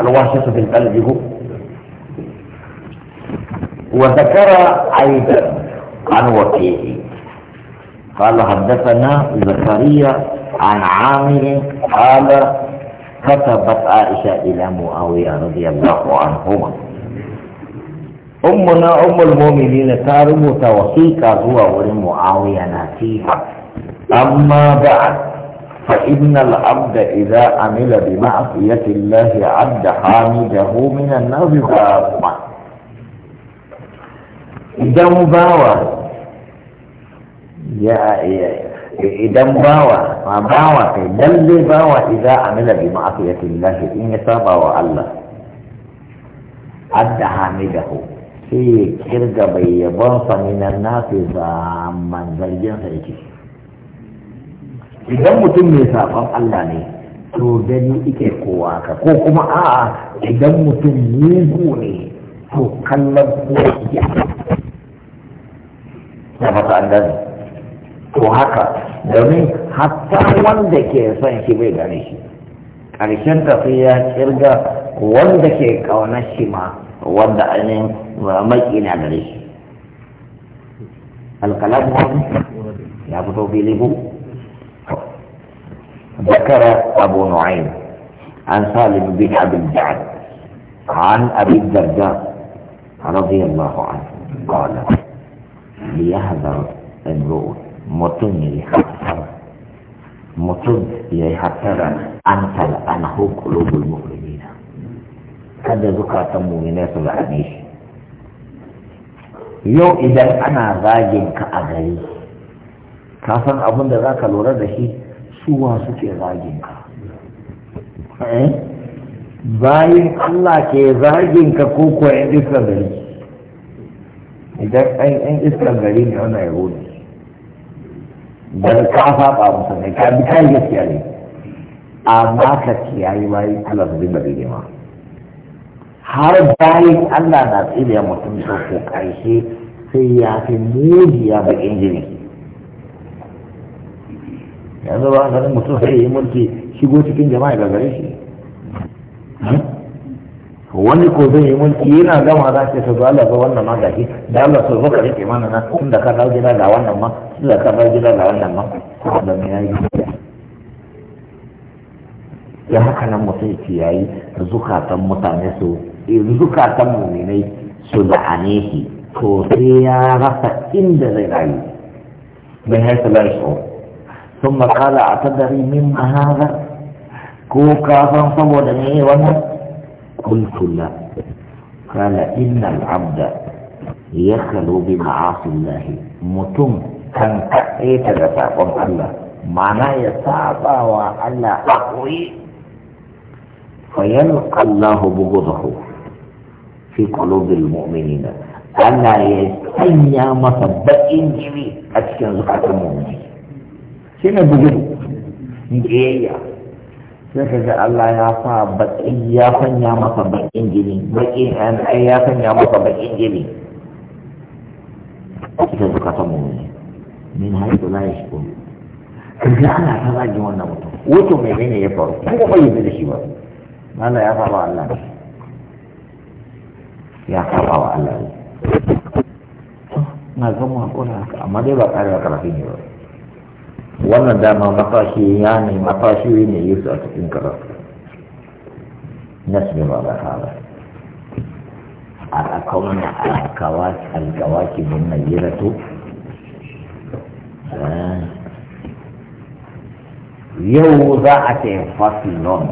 الواسطة في القلب هو وذكر أيضا عن وكيه قال حدثنا زكريا عن عامر قال كتبت عائشة إلى معاوية رضي الله عنهما أمنا أم المؤمنين تارمت وثيقة هو ولمعاوية نسيها أما بعد فإن العبد إذا عمل بمعصية الله عبد حامده من النار غاضبا إذا مباوى يا إذا مباوى ما باوى في دل باوى إذا عمل بمعصية الله إن يتابع الله عبد حامده في كرجة بيبانص من الناس زمان زلجان سيكيش idan mutum mai saɓon Allah ne to gani ike kowa ka ko kuma a idan mutum mugu ne to kallon kowa ya na fata an gani to haka domin hatta wanda ke son shi bai gane shi ƙarshen ya kirga wanda ke ƙaunar shi ma wanda ainihin mamaki na gare shi alkalamu ya fito fili ذكر أبو نعيم عن سالم بن أبي الجعد عن أبي الدرداء رضي الله عنه قال ليحذر امرؤ متن يحفر متن يحفر أنت أنه قلوب المؤمنين هذا ذكرة مؤمنات الحديث يو إذا أنا راجل كأغري كافن أبو ذاك الورد شيء suwa suke zagin ka eh? bayan Allah ke zagin ka ko kuwa yan iskar gari idan an yan iskar gari ne wannan ya hudu da ka saba musu ne ka bi kai gaskiya ne amma ka kiyaye bayan Allah su dinga rigima har bayan Allah na tsiriyar mutum sau ko ƙarshe sai ya fi mujiya bakin jini yanzu ba ganin mutum sai yi mulki shigo cikin jama'a ga gare shi wani ko zai yi mulki yana gama za ce su zuwa ga wannan ma gashi da Allah su zuwa ka rike mana na tun da ka dawo gida ga wannan ma tun da ka dawo gida ga wannan ma da mai yayi ya haka nan mutum ce yayi zukatan mutane su zukatan muminai su la'ane shi to sai ya rasa inda zai rayu bai haifar da ثم قال أعتذري مما هذا كوكا فانصبوا لني وانا قلت لا قال إن العبد يخلو بمعاصي الله متم كان كأيت لتعقم الله معناه يتعطى وألا أقوي فيلقى الله بغضه في قلوب المؤمنين ألا يستنيا مصبئين جميل أتكن زكاة المؤمنين shi ne bugudu biyayya sai ka ga Allah ya fa baki ya fanya masa bakin gini baki an ai eh, ya fanya masa bakin gini ita zuka ta mu ne min shi ko yashkur ga ana ta zagi wannan mutum wato mai ne ya faru ko ba yi da shi ba Allah ya faɗa Allah ne ya faɗa Allah ne na zama ko na amma dai ba ƙarewa karfi ne ba wannan dama matashi ya ne matashi ne yi su a cikin karatu nasbi ma ba fara a akawuna a kawaki alkawaki yi rato. Eh. yau za a ce fasilon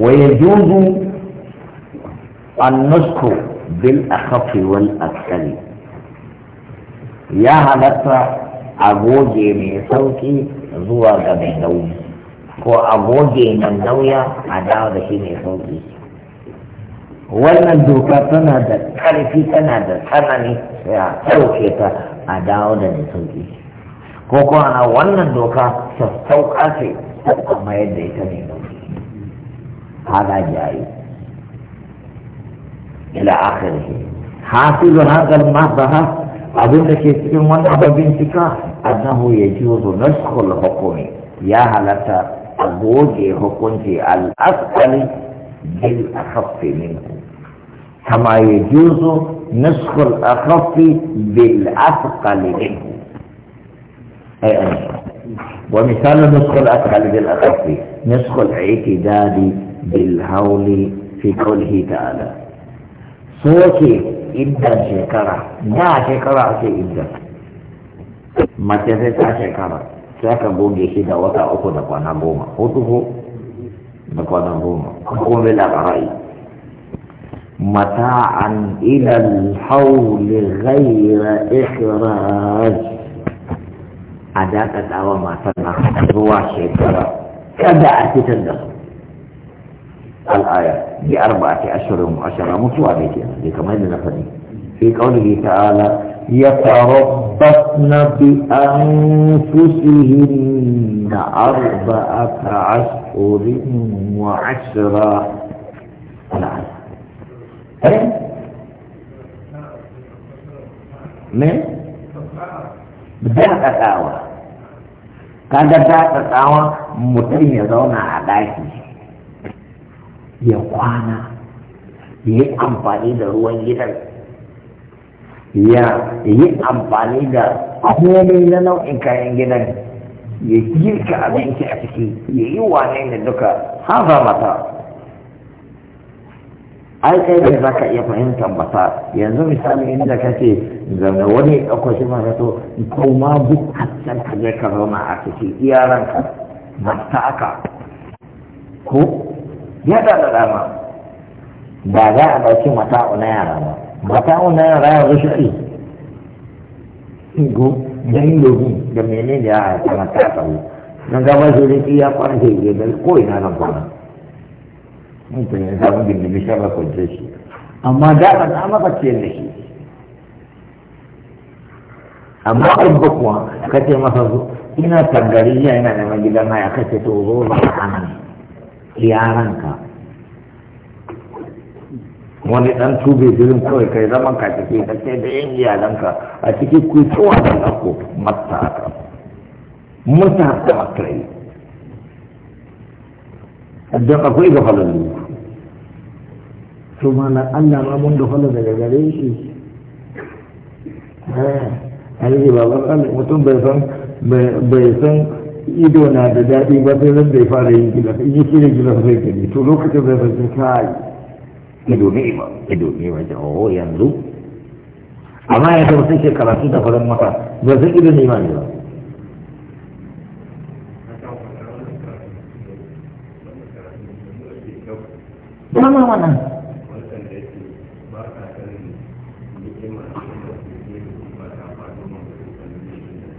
wa ya juzu annusku bil akhafi wal askari ya halatta a goge mai sauki zuwa ga mai nauyi ko a goge mai nauya a dawo da shi mai sauki wannan doka tana da ƙarfi tana da tsanani sai a ɗauke ta a dawo da mai sauki ko kuma wannan doka ta sauka ce kuma yadda ita mai nauyi hada jayi ila akhirih hasilu ma mabaha abinda ke cikin wani abin bincika annahu ya ji wasu naskul hukumi ya halatta a goge hukunci al'asali bil akhaffi minku kama ya ji wasu naskul akhaffi bil asqali minku ai an yi wa misalin bil ومثال نسخ الأثقل بالأخف نسخ الاعتداد بالهول في قوله تعالى سوكي idda shekara da shekara ake idda mace sai ta shekara sai ka goge shi da wata uku da kwana goma hudu ko da kwana goma kuma bai Mata an ilal hauli ghaira ikhraj a dakatawa matar na zuwa shekara kada a fitar da su الآية بأربعة أشهر وعشرة متوالية يعني كما في قوله تعالى يتربصن بأنفسهن أربعة أشهر وعشرة نعم. إيه؟ الآية من؟ بدأت أتاوى كانت بدأت أتاوى متين يدون على ya kwana ya yi amfani da ruwan gidan ya yi amfani da komai na nau'in kayan gidan ya girka abinci a ciki ya yi wane da duka haza mata ai kai ne za ka iya fahimtar mata yanzu misali inda ka ce zaune wani ya shi mara to ko ma duk hassan ka je ka zauna a ciki iyaranka mata aka ko yana da dama ba za a ɗauki mata'u na yara ba mata'u na yara yanzu shari go dan yogi da menene ya haifa mata ta wu nan ga ba shi da iya kwanke ke da ko ina nan kwana mutum ya samu gindimi shan rakwance shi amma da a na maka ce da shi amma ɗabba kuwa ka ce masa ina tangari yana neman gidan haya kace to zo ba a nan yaranka wani dan tube zirin kawai kai zaman ka cike ka ce da yan iyalanka a cikin ku tsawa da lako mata aka mata ta akai don akwai ga falalu su mana Allah ma mun da falalu daga gare shi eh, a yi ba ba mutum bai san bai san ido na da daɗi ba sai zan da ya fara yin gila in yi kira gila zai gani to lokacin zai zai kai ido ne ba ido ne ba jan oh yanzu amma ya zama sun karatu da farin maka ba san ido ne ba ne ba Mama mana?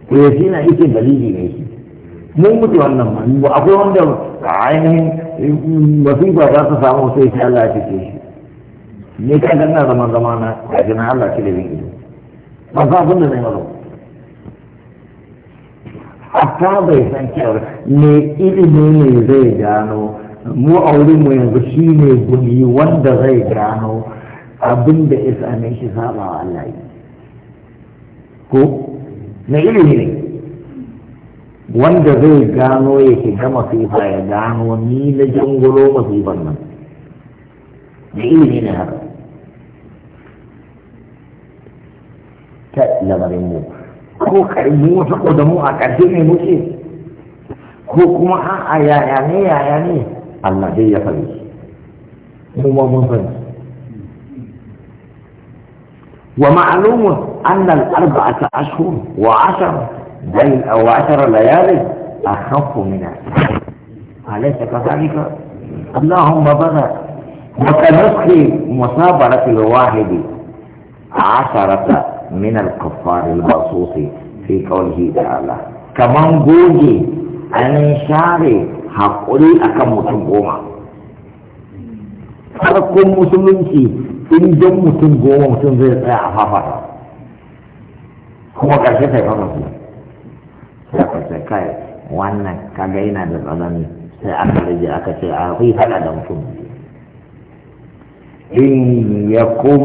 to na ike dalili ne shi mun mutu wannan ma akwai wanda ainihin masifa eh, za su samu sai shi Allah ya fice shi ne ka ga na zaman zama na a jina Allah ki da bin ido ba za abin da zai mazo hatta bai san cewa me ilimi ne zai gano mu a wurin mu yanzu shi ne guni wanda zai gano abin da ya ne shi saba wa Allah ko na ilimi ne wanda zai gano ya shiga masifa ya gano ni na jangulo masifan nan da ilimi ne haka ta lamarin mu ko karbi wata ko da mu a ƙarshe ne muke ko kuma a yaya ne yaya ne Allah dai ya fari mu ma mun sani. wa ma'lumun annal arba'ata ashhur wa 'ashara بل أو عشر ليال أخف منها أليس كذلك اللهم بلغ وكنسخ مصابرة الواحد عشرة من الكفار المخصوص في قوله تعالى كمان جوجي أن شاري haƙuri a kan mutum goma farkon musulunci in don mutum goma mutum zai tsaya a sai aka ce kai wannan kaga yana da tsanani sai aka rage aka ce a kai fada da mutum in ya kum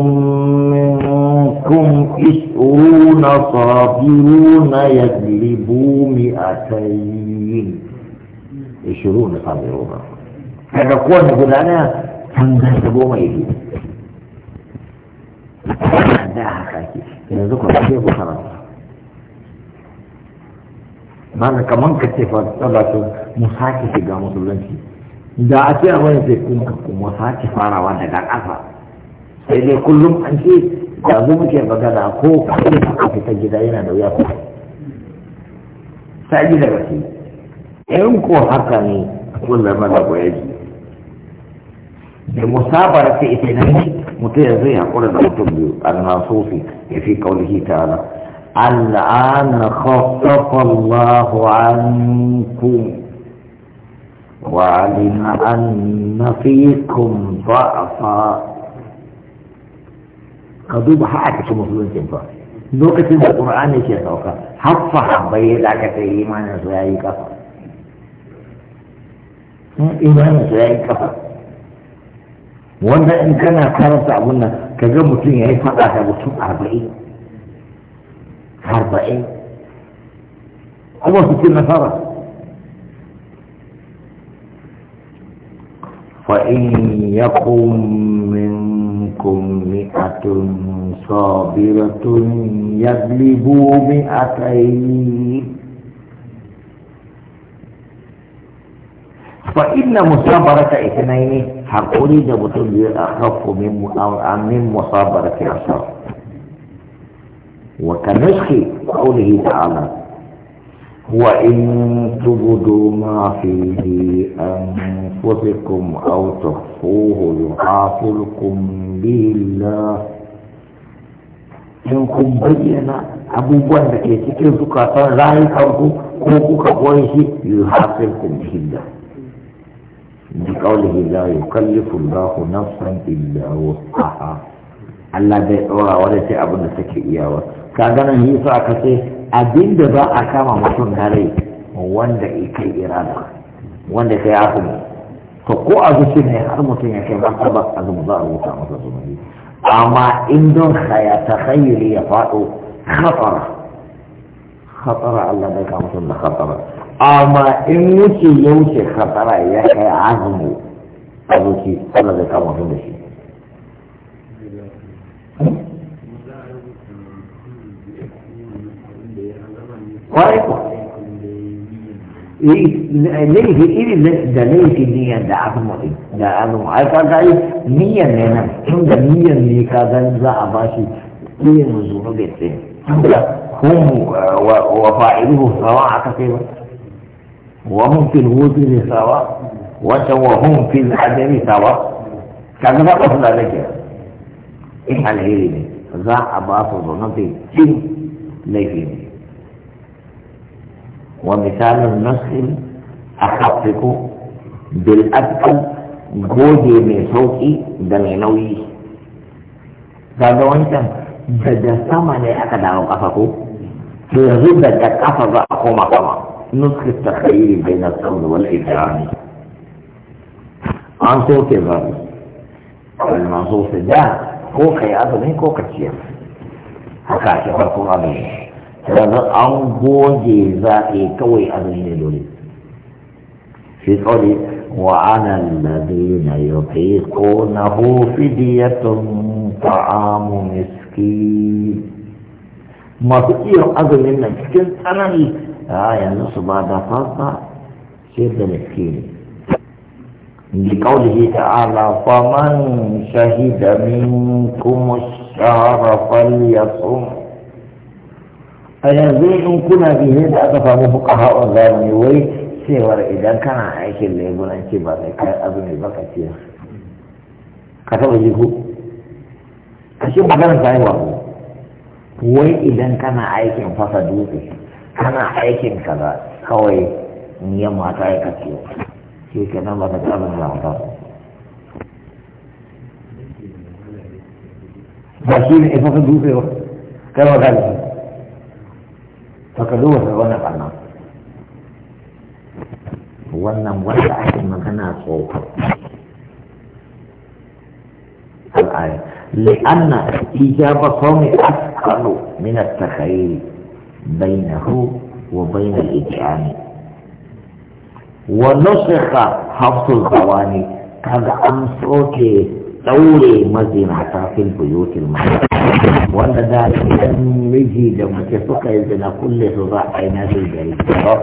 isruna sabiruna ya gribu mi a ta yi isruna sabiruna kada kowane gudana sun ga su goma yi biyu da haka ke yanzu kwanci ya kusa rantsa mana kaman ka ce fa salatu mu sake shiga musulunci da a ce a wani sai kun ka kuma sake farawa daga ƙasa sai dai kullum an ce da zo muke magana ko kai ka fita gida yana da wuya ko sai gida ba ce in ko haka ne kullum ma da koyaji da musabara ta ita ne mutum ya zai da mutum biyu a nan sofi ya fi kaulihi ta'ala الآن خفف الله عنكم وعلم أن فيكم ضعفا ka duba har a cikin musuluncin fa lokacin da qur'ani ke sauka har sahabbai da aka sai imanin su yayi kafa imanin su yayi kafa wanda in kana karanta abun nan kaga ga mutum yayi faɗa da mutum arba'in أربعين هو ستين نفرة فإن يقم منكم مئة صابرة يغلبوا مئتين فإن مصابرة اثنين حقولي جبتل أخف من مصابرة عشر وكنسخ قوله تعالى وإن تبدوا ما فيه أنفسكم أو تخفوه يحافظكم به الله إن كن بينا أبو بكيتي كيف تكاثر رأي كوكو كوكو كبويه يحافظكم به الله بقوله لا يكلف الله نفسا إلا وقعها الله دي أورا ورسي أبو نسكي إياه ka ganin yi sa ka ce abinda za a kama mutum na rai wanda ya kai irada wanda kai azumi to ko azumi ne har mutum ya kai ba ba azumi za a rubuta masa zunubi amma in don haya ta hanyoyi ya faɗo khatara khatara Allah bai kama mutum da khatara amma in wuce ya wuce khatara ya kai azumi azuki Allah bai kama mutum da shi وايضا طيب. ليه ايه ده ليه في النية ده عدم ايه ده عدم عارف كذا ايه نية لنا عند نية اللي كذا نزع باشي ايه الذنوب بيتين هم وفاعله سواء كثيرا وهم في الوزر سواء وهم في العدم سواء كان ده قصد لك ايه هيري ده زع باشي ذنوب ايه ليه ومثال المسلم أخفق بالأكل جوزي ميسوكي دمينوي قال له أنت بدا سما لأك دعو قفكو في غبة قفض أقوم قوما نسخ التخيير بين الصمد والإدران عن صوت الرب المنصوص ده هو خيار من كوكتشيف هكذا فرقنا منه kaga an goge zaɓe kawai azumi ne dole shi tsori wa ana ladina yutiqunahu fidyatun ta'amu miski masu iya azumin nan cikin tsanani a yanzu su ba da fasa sai da miski ne shi ta ala faman shahida min kuma منكم الشهر فليصم a yanzu in kuna bihe da aka samu fuka hawan zamani wai cewar idan kana aikin leburanci ba sai kai azumi ba ka ce ka taɓa ji ku a shi maganar ta yi wa wai idan kana aikin fasa dutse kana aikin kaza kawai niyan mata ya kace shi ke nan ba ta taɓa da mata ba shi ne fasa dutse ba kai ba ka haka zuwa da wani ɓanna wannan wanda ake magana tsoho al'ayar li'anna ijaba sami asalu minar ta kayi bayna hu wa bayna ijami wa nusika hafsul zawani kaga an soke daure mazinata fil buyutil mata wanda da idan miji da mace suka yi zina kulle su za a yi nasu gari